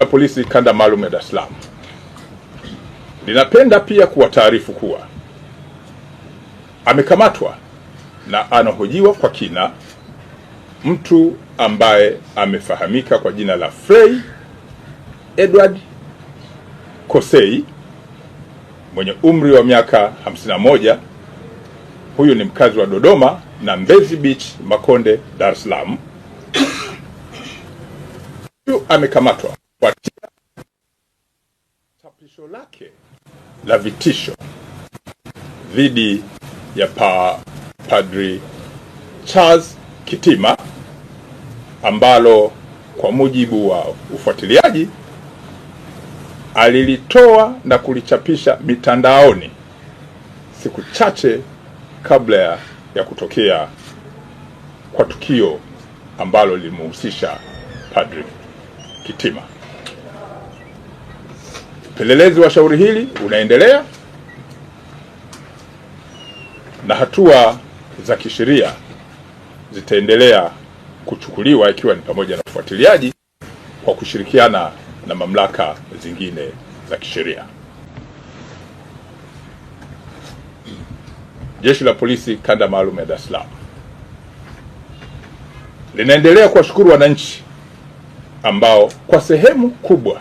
la polisi kanda maalum ya Dar es Salaam. Ninapenda pia kuwataarifu kuwa amekamatwa na anahojiwa kwa kina mtu ambaye amefahamika kwa jina la Frey Edward Kosei mwenye umri wa miaka 51. Huyu ni mkazi wa Dodoma na Mbezi Beach, Makonde, Dar es Salaam. Huyu amekamatwa kufuatia chapisho lake la vitisho dhidi ya pa, Padri Charles Kitima ambalo kwa mujibu wa ufuatiliaji alilitoa na kulichapisha mitandaoni siku chache kabla ya kutokea kwa tukio ambalo lilimhusisha Padri Kitima. Upelelezi wa shauri hili unaendelea na hatua za kisheria zitaendelea kuchukuliwa ikiwa ni pamoja na ufuatiliaji kwa kushirikiana na mamlaka zingine za kisheria. Jeshi la Polisi Kanda Maalum ya Dar es Salaam linaendelea kuwashukuru wananchi ambao kwa sehemu kubwa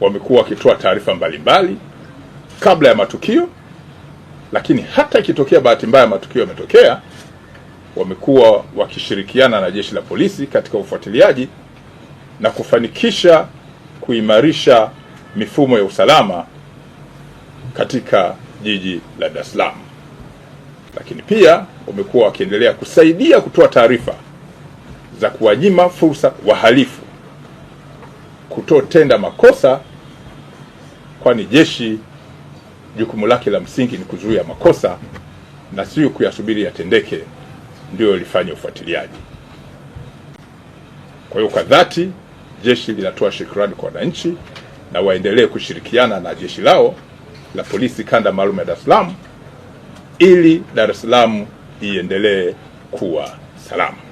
wamekuwa wakitoa taarifa mbalimbali kabla ya matukio, lakini hata ikitokea bahati mbaya matukio yametokea, wamekuwa wakishirikiana na jeshi la polisi katika ufuatiliaji na kufanikisha kuimarisha mifumo ya usalama katika jiji la Dar es Salaam. Lakini pia wamekuwa wakiendelea kusaidia kutoa taarifa za kuwanyima fursa wahalifu kutotenda makosa, kwani jeshi jukumu lake la msingi ni kuzuia makosa na sio kuyasubiri yatendeke ndio lifanye ufuatiliaji. Kwa hiyo, kwa dhati jeshi linatoa shukrani kwa wananchi na waendelee kushirikiana na jeshi lao la polisi kanda maalum ya Dar es Salaam ili Dar es Salaam iendelee kuwa salama.